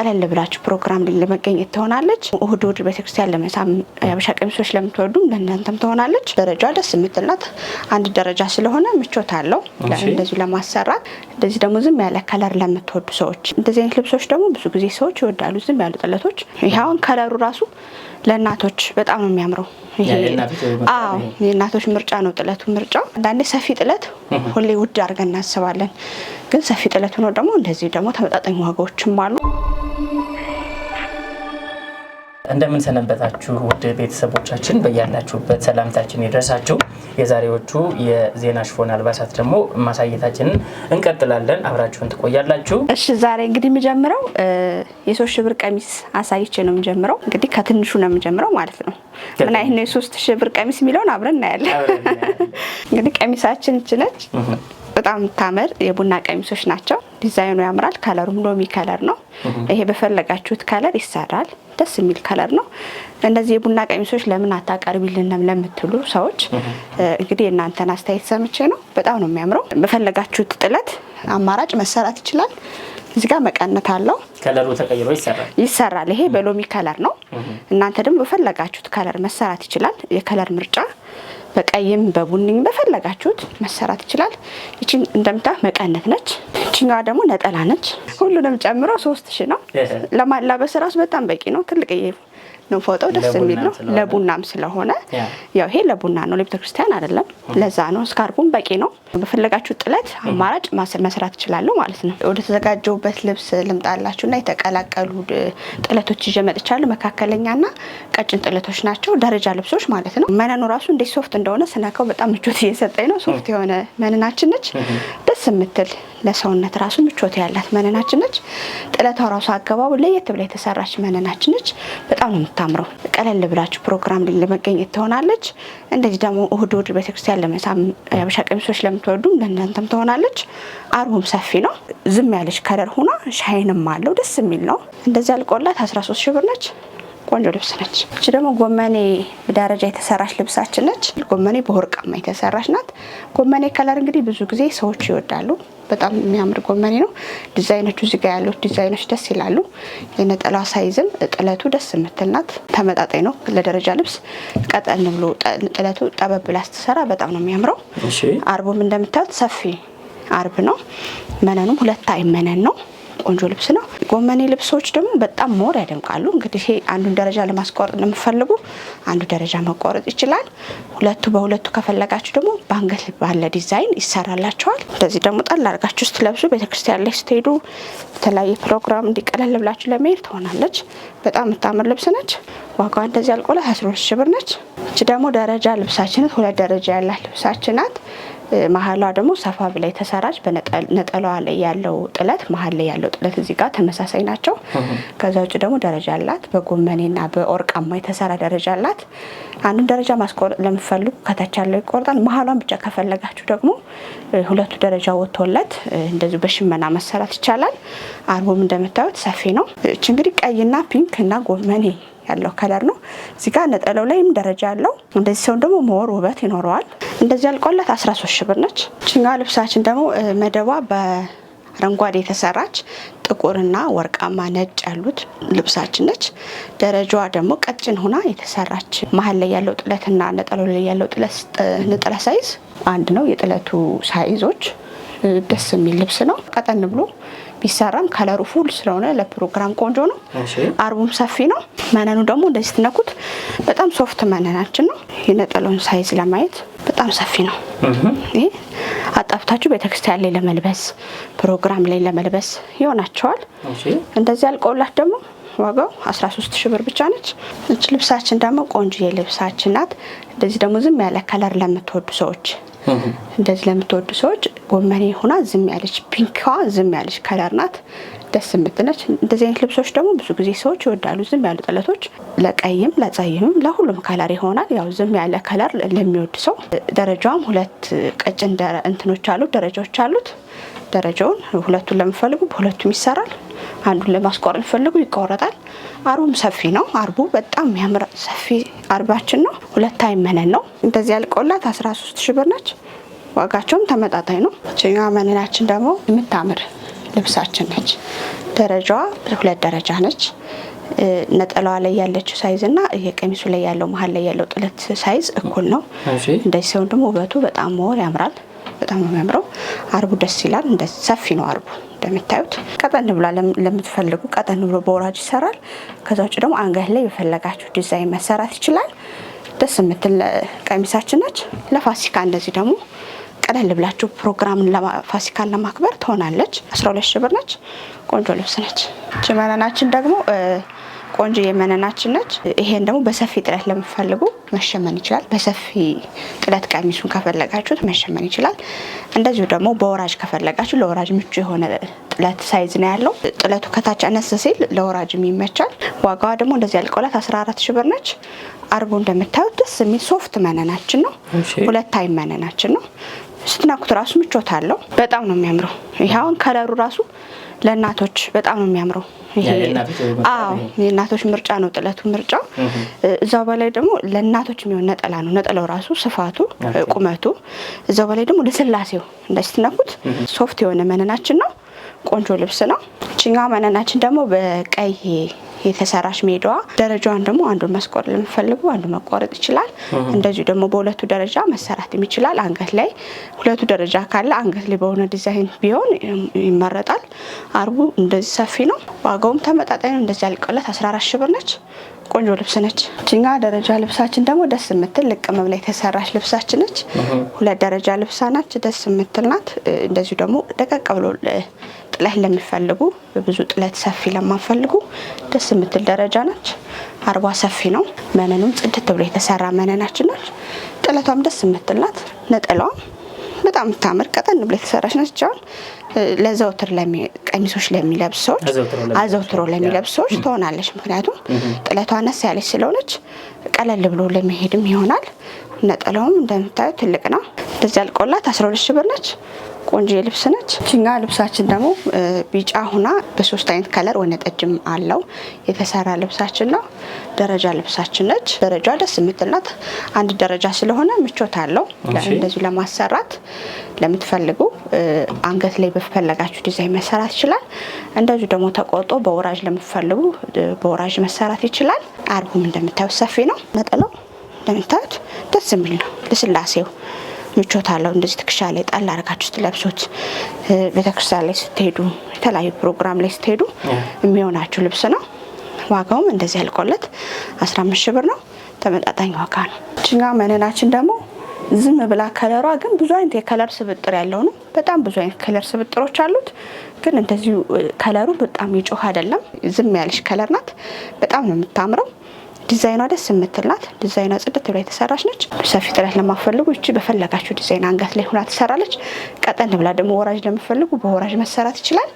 ቀለል ብላችሁ ፕሮግራም ላይ ለመገኘት ትሆናለች። እሁድ እሁድ ቤተክርስቲያን ለመሳም የአበሻ ቀሚሶች ለምትወዱም ለእናንተም ትሆናለች። ደረጃ ደስ የምትልናት አንድ ደረጃ ስለሆነ ምቾት አለው እንደዚህ ለማሰራት። እንደዚህ ደግሞ ዝም ያለ ከለር ለምትወዱ ሰዎች እንደዚህ አይነት ልብሶች ደግሞ ብዙ ጊዜ ሰዎች ይወዳሉ። ዝም ያሉ ጥለቶች ይኸውን ከለሩ ራሱ ለእናቶች በጣም ነው የሚያምረው። አዎ የእናቶች ምርጫ ነው ጥለቱ ምርጫው። አንዳንዴ ሰፊ ጥለት ሁሌ ውድ አድርገን እናስባለን፣ ግን ሰፊ ጥለቱ ነው ደግሞ እንደዚህ ደግሞ ተመጣጣኝ ዋጋዎችም አሉ። እንደምን ሰነበታችሁ ውድ ቤተሰቦቻችን፣ በያላችሁበት ሰላምታችን ይድረሳችሁ። የዛሬዎቹ የዜና ሽፎን አልባሳት ደግሞ ማሳየታችንን እንቀጥላለን። አብራችሁን ትቆያላችሁ። እሺ፣ ዛሬ እንግዲህ የምጀምረው የሶስት ሺህ ብር ቀሚስ አሳይቼ ነው የምጀምረው። እንግዲህ ከትንሹ ነው የምጀምረው ማለት ነው። ምን አይነት ነው የሶስት ሺህ ብር ቀሚስ የሚለውን አብረን እናያለን። እንግዲህ ቀሚሳችን ይችነች በጣም የምታምር የቡና ቀሚሶች ናቸው። ዲዛይኑ ያምራል። ከለሩም ሎሚ ከለር ነው። ይሄ በፈለጋችሁት ከለር ይሰራል። ደስ የሚል ከለር ነው። እነዚህ የቡና ቀሚሶች ለምን አታቀርቢልንም ለምትሉ ሰዎች እንግዲህ የእናንተን አስተያየት ሰምቼ ነው። በጣም ነው የሚያምረው። በፈለጋችሁት ጥለት አማራጭ መሰራት ይችላል። እዚህ ጋር መቀነት አለው። ከለሩ ተቀይሮ ይሰራል ይሰራል። ይሄ በሎሚ ከለር ነው። እናንተ ደግሞ በፈለጋችሁት ከለር መሰራት ይችላል። የከለር ምርጫ በቀይም በቡኒም በፈለጋችሁት መሰራት ይችላል። ይቺ እንደምታ መቀነት ነች። ይችኛዋ ደግሞ ነጠላ ነች። ሁሉንም ጨምሮ ሶስት ሺ ነው። ለማላበስ ራሱ በጣም በቂ ነው። ትልቅ ነው ፎጣው ደስ የሚል ነው። ለቡናም ስለሆነ ያው ይሄ ለቡና ነው፣ ለቤተክርስቲያን አይደለም። ለዛ ነው ስካርቡን በቂ ነው። በፈለጋችሁ ጥለት አማራጭ መስራት ይችላሉ ማለት ነው። ወደ ተዘጋጀውበት ልብስ ልምጣላችሁ ልምጣላችሁና የተቀላቀሉ ጥለቶች ይዤ መጥቻለሁ። መካከለኛና ቀጭን ጥለቶች ናቸው፣ ደረጃ ልብሶች ማለት ነው። መነኑ ራሱ እንዴት ሶፍት እንደሆነ ስነካው በጣም ምቾት እየሰጠኝ ነው። ሶፍት የሆነ መንናችን ነች፣ ደስ የምትል ለሰውነት ራሱ ምቾት ያላት መንናችን ነች። ጥለታው ራሱ አገባቡ ለየት ብላ የተሰራች መንናችን ነች። በጣም ነው የምታምረው። ቀለል ብላችሁ ፕሮግራም ለመገኘት ትሆናለች። እንደዚህ ደግሞ እሁድ እሁድ ቤተክርስቲያን ለመሳም የሀበሻ ቀሚሶች ለምትወዱ ለእናንተም ትሆናለች። አርቡም ሰፊ ነው። ዝም ያለች ከለር ሁና ሻይንም አለው ደስ የሚል ነው። እንደዚህ አልቆላት 13 ሽብር ብር ነች። ቆንጆ ልብስ ነች። እች ደግሞ ጎመኔ ደረጃ የተሰራች ልብሳችን ነች። ጎመኔ በወርቃማ የተሰራች ናት። ጎመኔ ከለር እንግዲህ ብዙ ጊዜ ሰዎች ይወዳሉ። በጣም የሚያምር ጎመኔ ነው። ዲዛይኖቹ እዚህ ጋር ያሉት ዲዛይኖች ደስ ይላሉ። የነጠላ ሳይዝም ጥለቱ ደስ የምትል ናት። ተመጣጣኝ ነው ለደረጃ ልብስ። ቀጠን ብሎ ጥለቱ ጠበብ ብላ ስትሰራ በጣም ነው የሚያምረው። አርቦም እንደምታዩት ሰፊ አርብ ነው። መነኑም ሁለት አይ መነን ነው ቆንጆ ልብስ ነው። ጎመኔ ልብሶች ደግሞ በጣም ሞር ያደምቃሉ። እንግዲህ ይሄ አንዱን ደረጃ ለማስቆረጥ ለምፈልጉ አንዱ ደረጃ መቆረጥ ይችላል። ሁለቱ በሁለቱ ከፈለጋችሁ ደግሞ በአንገት ባለ ዲዛይን ይሰራላቸዋል። እንደዚህ ደግሞ ጠል አድርጋችሁ ስትለብሱ ቤተክርስቲያን ላይ ስትሄዱ የተለያየ ፕሮግራም እንዲቀለል ብላችሁ ለመሄድ ትሆናለች። በጣም የምታምር ልብስ ነች። ዋጋ እንደዚህ አልቆ ላይ አስራ ሁለት ሺ ብር ነች። እች ደግሞ ደረጃ ልብሳችን ሁለት ደረጃ ያላት ልብሳችን ናት። መሀሏ ደግሞ ሰፋ ብላ ተሰራች በነጠላዋ ላይ ያለው ጥለት መሀል ላይ ያለው ጥለት እዚህ ጋር ተመሳሳይ ናቸው። ከዛ ውጭ ደግሞ ደረጃ አላት። በጎመኔና በወርቃማ የተሰራ ደረጃ አላት። አንዱን ደረጃ ማስቆረጥ ለምፈልጉ ከታች ያለው ይቆርጣል። መሀሏን ብቻ ከፈለጋችሁ ደግሞ ሁለቱ ደረጃ ወጥቶለት እንደዚሁ በሽመና መሰራት ይቻላል። አርቦም እንደምታዩት ሰፊ ነው። እች እንግዲህ ቀይና ፒንክ እና ጎመኔ ያለው ከለር ነው። እዚህ ጋር ነጠላው ላይም ደረጃ ያለው እንደዚህ ሰውን ደግሞ መወር ውበት ይኖረዋል። እንደዚህ አልቆላት 13 ሺ ብር ነች። ችኛ ልብሳችን ደግሞ መደቧ በአረንጓዴ የተሰራች ጥቁርና ወርቃማ ነጭ ያሉት ልብሳችን ነች። ደረጃዋ ደግሞ ቀጭን ሆና የተሰራች መሀል ላይ ያለው ጥለትና ነጠላው ላይ ያለው ነጠላ ሳይዝ አንድ ነው። የጥለቱ ሳይዞች ደስ የሚል ልብስ ነው። ቀጠን ብሎ ቢሰራም ከለሩ ፉል ስለሆነ ለፕሮግራም ቆንጆ ነው። አርቡም ሰፊ ነው። መነኑ ደግሞ እንደዚህ ስትነኩት በጣም ሶፍት መነናችን ነው። የነጠለውን ሳይዝ ለማየት በጣም ሰፊ ነው። ይህ አጣፍታችሁ ቤተክርስቲያን ላይ ለመልበስ ፕሮግራም ላይ ለመልበስ ይሆናቸዋል። እንደዚህ አልቆላት ደግሞ ዋጋው 13 ሺህ ብር ብቻ ነች። እች ልብሳችን ደግሞ ቆንጆ የልብሳችን ናት። እንደዚህ ደግሞ ዝም ያለ ከለር ለምትወዱ ሰዎች እንደዚህ ለምትወዱ ሰዎች ጎመኔ ሆና ዝም ያለች ፒንክዋ ዝም ያለች ከለር ናት፣ ደስ የምትነች። እንደዚህ አይነት ልብሶች ደግሞ ብዙ ጊዜ ሰዎች ይወዳሉ። ዝም ያሉ ጥለቶች ለቀይም ለጸይምም ለሁሉም ከለር ይሆናል። ያው ዝም ያለ ከለር ለሚወድ ሰው ደረጃዋም ሁለት ቀጭን እንትኖች አሉት፣ ደረጃዎች አሉት። ደረጃውን ሁለቱን ለምፈልጉ በሁለቱም ይሰራል። አንዱን ለማስቆረጥ ፈልጉ ይቆረጣል። አርቡም ሰፊ ነው። አርቡ በጣም የሚያምር ሰፊ አርባችን ነው። ሁለት አይመነን ነው። እንደዚህ ያልቆላት 13 ሺ ብር ነች። ዋጋቸውም ተመጣጣኝ ነው። ችኛ መነናችን ደግሞ የምታምር ልብሳችን ነች። ደረጃዋ ሁለት ደረጃ ነች። ነጠላዋ ላይ ያለችው ሳይዝ እና የቀሚሱ ላይ ያለው መሀል ላይ ያለው ጥለት ሳይዝ እኩል ነው። እንደዚህ ሲሆን ደግሞ ውበቱ በጣም መሆን ያምራል። በጣም ነው የሚያምረው። አርቡ ደስ ይላል። ሰፊ ነው አርቡ እንደምታዩት ቀጠን ብላ ለምትፈልጉ ቀጠን ብሎ በወራጅ ይሰራል። ከዛ ውጭ ደግሞ አንገት ላይ የፈለጋችሁ ዲዛይን መሰራት ይችላል። ደስ የምትል ቀሚሳችን ነች። ለፋሲካ እንደዚህ ደግሞ ቀለል ብላችሁ ፕሮግራምን ፋሲካን ለማክበር ትሆናለች። 12 ሺህ ብር ነች። ቆንጆ ልብስ ነች። ቺ ደግሞ ቆንጆ የመነናችን ነች። ይሄን ደግሞ በሰፊ ጥለት ለምፈልጉ መሸመን ይችላል። በሰፊ ጥለት ቀሚሱን ከፈለጋችሁት መሸመን ይችላል። እንደዚሁ ደግሞ በወራጅ ከፈለጋችሁ ለወራጅ ምቹ የሆነ ጥለት ሳይዝ ነው ያለው። ጥለቱ ከታች አነስ ሲል ለወራጅም ይመቻል። ዋጋዋ ደግሞ እንደዚህ ያልቆላት 14 ሺ ብር ነች። አርቡ እንደምታዩት ደስ የሚል ሶፍት መነናችን ነው። ሁለት ታይም መነናችን ነው። ስትናኩት ራሱ ምቾት አለው። በጣም ነው የሚያምረው። ይህ አሁን ከለሩ ራሱ ለእናቶች በጣም ነው የሚያምረው። የእናቶች ምርጫ ነው ጥለቱ ምርጫው። እዛው በላይ ደግሞ ለእናቶች የሚሆን ነጠላ ነው። ነጠላው ራሱ ስፋቱ፣ ቁመቱ፣ እዛው በላይ ደግሞ ለስላሴው እንዳስትነኩት ሶፍት የሆነ መነናችን ነው። ቆንጆ ልብስ ነው። ችኛው መነናችን ደግሞ በቀይ የተሰራሽ ሜዳዋ ደረጃዋን ደግሞ አንዱን መስቆር ለሚፈልጉ አንዱ መቆረጥ ይችላል። እንደዚሁ ደግሞ በሁለቱ ደረጃ መሰራትም ይችላል። አንገት ላይ ሁለቱ ደረጃ ካለ አንገት ላይ በሆነ ዲዛይን ቢሆን ይመረጣል። አርቡ እንደዚህ ሰፊ ነው። ዋጋውም ተመጣጣኝ ነው። እንደዚህ ያልቀለት 14 ሺ ብር ነች። ቆንጆ ልብስ ነች። እችኛ ደረጃ ልብሳችን ደግሞ ደስ የምትል ልቅም ብላ የተሰራች ልብሳችን ነች። ሁለት ደረጃ ልብሳ ናች፣ ደስ የምትል ናት። እንደዚሁ ደግሞ ደቀቅ ብሎ ጥለት ለሚፈልጉ ብዙ ጥለት ሰፊ ለማፈልጉ ደስ የምትል ደረጃ ናች። አርባ ሰፊ ነው። መነኑም ጽድት ብሎ የተሰራ መነናችን ናች። ጥለቷም ደስ የምትል ናት። ነጠላዋም በጣም የምታምር ቀጠን ብለ የተሰራች ነች። ለዘውትር ቀሚሶች ለሚለብሱ ሰዎች አዘውትሮ ለሚለብሱ ሰዎች ትሆናለች። ምክንያቱም ጥለቷ አነስ ያለች ስለሆነች ቀለል ብሎ ለመሄድም ይሆናል። ነጠላውም እንደምታዩ ትልቅ ነው። እንደዚህ አልቆላት አስራ ሁለት ሺህ ብር ነች። ቆንጆ ልብስ ነች። ችኛ ልብሳችን ደግሞ ቢጫ ሁና በሶስት አይነት ከለር ወይነ ጠጅም አለው የተሰራ ልብሳችን ነው። ደረጃ ልብሳችን ነች። ደረጃ ደስ የምትልናት አንድ ደረጃ ስለሆነ ምቾት አለው። እንደዚሁ ለማሰራት ለምትፈልጉ አንገት ላይ በፈለጋችሁ ዲዛይን መሰራት ይችላል። እንደዚሁ ደግሞ ተቆርጦ በወራጅ ለምትፈልጉ በወራጅ መሰራት ይችላል። አርቡም እንደምታዩት ሰፊ ነው። ነጠላው እንደምታዩት ደስ የሚል ነው። ልስላሴው ምቾት አለው። እንደዚህ ትከሻ ላይ ጣል አድርጋችሁ ስትለብሱት ቤተክርስቲያን ላይ ስትሄዱ፣ የተለያዩ ፕሮግራም ላይ ስትሄዱ የሚሆናችሁ ልብስ ነው። ዋጋውም እንደዚህ ያልቆለት 15 ሺህ ብር ነው። ተመጣጣኝ ዋጋ ነው። ችኛ መነናችን ደግሞ ዝም ብላ ከለሯ ግን ብዙ አይነት የከለር ስብጥር ያለው ነው። በጣም ብዙ አይነት ከለር ስብጥሮች አሉት። ግን እንደዚሁ ከለሩ በጣም ይጮህ አይደለም። ዝም ያለች ከለር ናት። በጣም ነው የምታምረው። ዲዛይኗ ደስ የምትል ናት ዲዛይኗ ጽድት ብላ የተሰራች ነች። ሰፊ ጥለት ለማፈልጉ እቺ በፈለጋችሁ ዲዛይን አንገት ላይ ሁና ትሰራለች። ቀጠን ብላ ደግሞ ወራጅ ለምፈልጉ በወራጅ መሰራት ይችላል።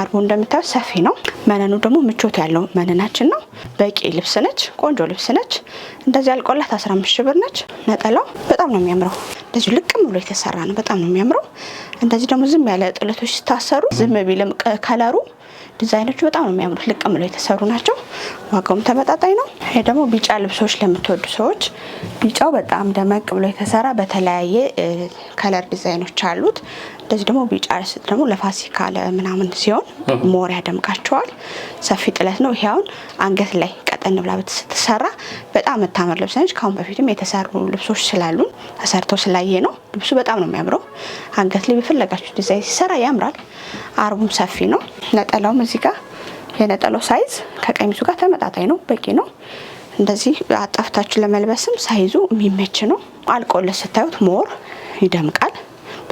አርቦ እንደምታዩት ሰፊ ነው። መነኑ ደግሞ ምቾት ያለው መነናችን ነው። በቂ ልብስ ነች። ቆንጆ ልብስ ነች። እንደዚህ አልቆላት 15 ሺህ ብር ነች። ነጠላው በጣም ነው የሚያምረው። እንደዚሁ ልቅም ብሎ የተሰራ ነው። በጣም ነው የሚያምረው። እንደዚህ ደግሞ ዝም ያለ ጥለቶች ስታሰሩ ዝም ቢልም ከለሩ ዲዛይኖች በጣም ነው የሚያምሩት። ልቅም ብለው የተሰሩ ናቸው። ዋጋውም ተመጣጣኝ ነው። ይሄ ደግሞ ቢጫ ልብሶች ለምትወዱ ሰዎች ቢጫው በጣም ደመቅ ብሎ የተሰራ በተለያየ ከለር ዲዛይኖች አሉት። እንደዚህ ደግሞ ቢጫ ስጥ ደግሞ ለፋሲካ ለምናምን ሲሆን ሞር ያደምቃቸዋል። ሰፊ ጥለት ነው። ይሄ አሁን አንገት ላይ ፈጠን ብላ ብትሰራ በጣም የምታምር ልብስ ነች። ካሁን በፊትም የተሰሩ ልብሶች ስላሉ ተሰርቶ ስላየ ነው ልብሱ በጣም ነው የሚያምረው። አንገት ላይ በፈለጋችሁ ዲዛይን ሲሰራ ያምራል። አርቡም ሰፊ ነው። ነጠላውም እዚህ ጋር የነጠላው ሳይዝ ከቀሚሱ ጋር ተመጣጣኝ ነው፣ በቂ ነው። እንደዚህ አጣፍታችሁ ለመልበስም ሳይዙ የሚመች ነው። አልቆለት ስታዩት ሞር ይደምቃል።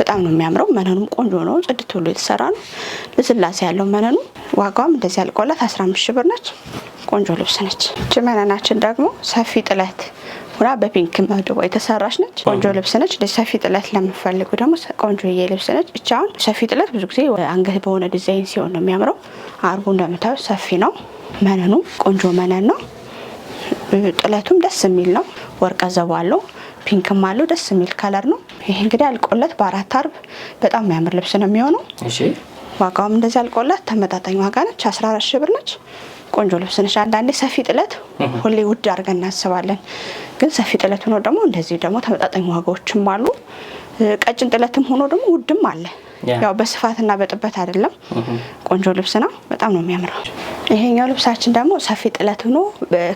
በጣም ነው የሚያምረው። መነኑም ቆንጆ ነው፣ ጽድት ብሎ የተሰራ ነው። ልስላሴ ያለው መነኑ። ዋጋውም እንደዚህ ያልቆላት 15 ሺህ ብር ነች። ቆንጆ ልብስ ነች። እች መነናችን ደግሞ ሰፊ ጥለት ሁና በፒንክ መድቦ የተሰራች ነች። ቆንጆ ልብስ ነች። እንደዚህ ሰፊ ጥለት ለምፈልጉ ደግሞ ቆንጆ ልብስ ነች። እች አሁን ሰፊ ጥለት ብዙ ጊዜ አንገት በሆነ ዲዛይን ሲሆን ነው የሚያምረው። አርቡ እንደምታዩት ሰፊ ነው። መነኑ ቆንጆ መነን ነው። ጥለቱም ደስ የሚል ነው። ወርቀ ዘቦ አለው። ፒንክም አለው ደስ የሚል ከለር ነው። ይሄ እንግዲህ አልቆለት በአራት አርብ በጣም የሚያምር ልብስ ነው የሚሆነው። ዋጋውም እንደዚህ አልቆለት ተመጣጣኝ ዋጋ ነች። 14 ሺህ ብር ነች። ቆንጆ ልብስ ነች። አንዳንዴ ሰፊ ጥለት ሁሌ ውድ አድርገን እናስባለን፣ ግን ሰፊ ጥለት ሆኖ ደግሞ እንደዚህ ደግሞ ተመጣጣኝ ዋጋዎችም አሉ። ቀጭን ጥለትም ሆኖ ደግሞ ውድም አለ። ያው በስፋትና በጥበት አይደለም። ቆንጆ ልብስ ነው። በጣም ነው የሚያምረው። ይሄኛው ልብሳችን ደግሞ ሰፊ ጥለት ሆኖ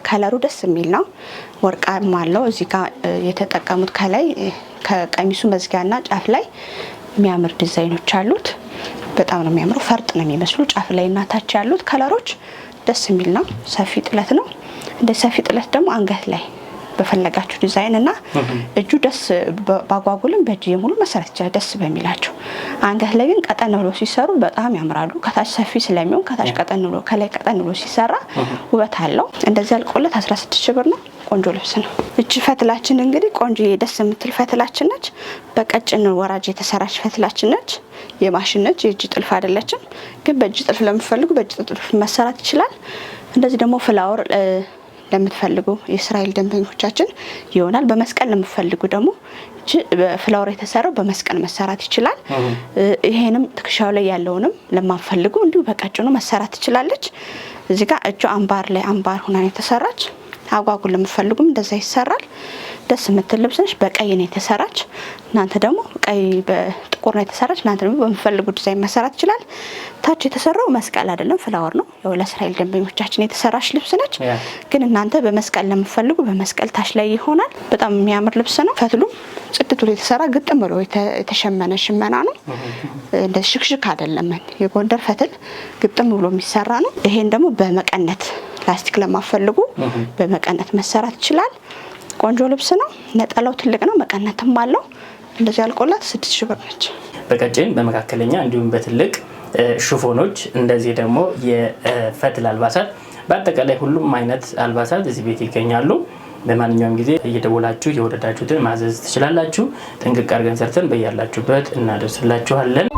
ከለሩ ደስ የሚል ነው። ወርቃም አለው። እዚህ ጋር የተጠቀሙት ከላይ ከቀሚሱ መዝጊያና ጫፍ ላይ የሚያምር ዲዛይኖች አሉት። በጣም ነው የሚያምረው። ፈርጥ ነው የሚመስሉ ጫፍ ላይ እና ታች ያሉት ከለሮች ደስ የሚል ነው። ሰፊ ጥለት ነው። እንደ ሰፊ ጥለት ደግሞ አንገት ላይ በፈለጋችሁ ዲዛይን እና እጁ ደስ ባጓጉልም በእጅ የሙሉ መሰረት ይችላል ደስ በሚላቸው። አንገት ላይ ግን ቀጠን ብሎ ሲሰሩ በጣም ያምራሉ። ከታች ሰፊ ስለሚሆን ከታች ቀጠን ብሎ ከላይ ቀጠን ብሎ ሲሰራ ውበት አለው። እንደዚህ ያልቆለት 16 ሺህ ብር ነው። ቆንጆ ልብስ ነው። እጅ ፈትላችን እንግዲህ ቆንጆ ደስ የምትል ፈትላችን ነች። በቀጭን ወራጅ የተሰራች ፈትላችን ነች። የማሽን ነች፣ የእጅ ጥልፍ አይደለችም። ግን በእጅ ጥልፍ ለምፈልጉ በእጅ ጥልፍ መሰራት ይችላል። እንደዚህ ደግሞ ፍላወር ለምትፈልጉ የእስራኤል ደንበኞቻችን ይሆናል። በመስቀል ለምትፈልጉ ደግሞ ፍላወር የተሰራው በመስቀል መሰራት ይችላል። ይሄንም ትከሻው ላይ ያለውንም ለማፈልጉ እንዲሁ በቀጭኑ መሰራት ትችላለች። እዚህ ጋር እጇ አምባር ላይ አምባር ሁናን የተሰራች አጓጉ ለምትፈልጉም እንደዛ ይሰራል። ደስ የምትል ልብስ ነች። በቀይ ነው የተሰራች። እናንተ ደግሞ ቀይ በጥቁር ነው የተሰራች። እናንተ ደግሞ በምፈልጉ ዲዛይን መሰራት ይችላል። ታች የተሰራው መስቀል አይደለም ፍላወር ነው። ያው ለእስራኤል ደንበኞቻችን የተሰራች ልብስ ነች። ግን እናንተ በመስቀል ለምፈልጉ በመስቀል ታች ላይ ይሆናል። በጣም የሚያምር ልብስ ነው። ፈትሉም ጽድት ብሎ የተሰራ ግጥም ብሎ የተሸመነ ሽመና ነው። እንደ ሽክሽክ አይደለም። የጎንደር ፈትል ግጥም ብሎ የሚሰራ ነው። ይሄን ደግሞ በመቀነት ላስቲክ ለማፈልጉ በመቀነት መሰራት ይችላል። ቆንጆ ልብስ ነው። ነጠላው ትልቅ ነው፣ መቀነትም አለው። እንደዚህ አልቆላት ስድስት ሺህ ብር ነች። በቀጭን በመካከለኛ እንዲሁም በትልቅ ሽፎኖች እንደዚህ ደግሞ የፈትል አልባሳት በአጠቃላይ ሁሉም አይነት አልባሳት እዚህ ቤት ይገኛሉ። በማንኛውም ጊዜ እየደወላችሁ የወደዳችሁትን ማዘዝ ትችላላችሁ። ጥንቅቅ አድርገን ሰርተን በያላችሁበት እናደርስላችኋለን።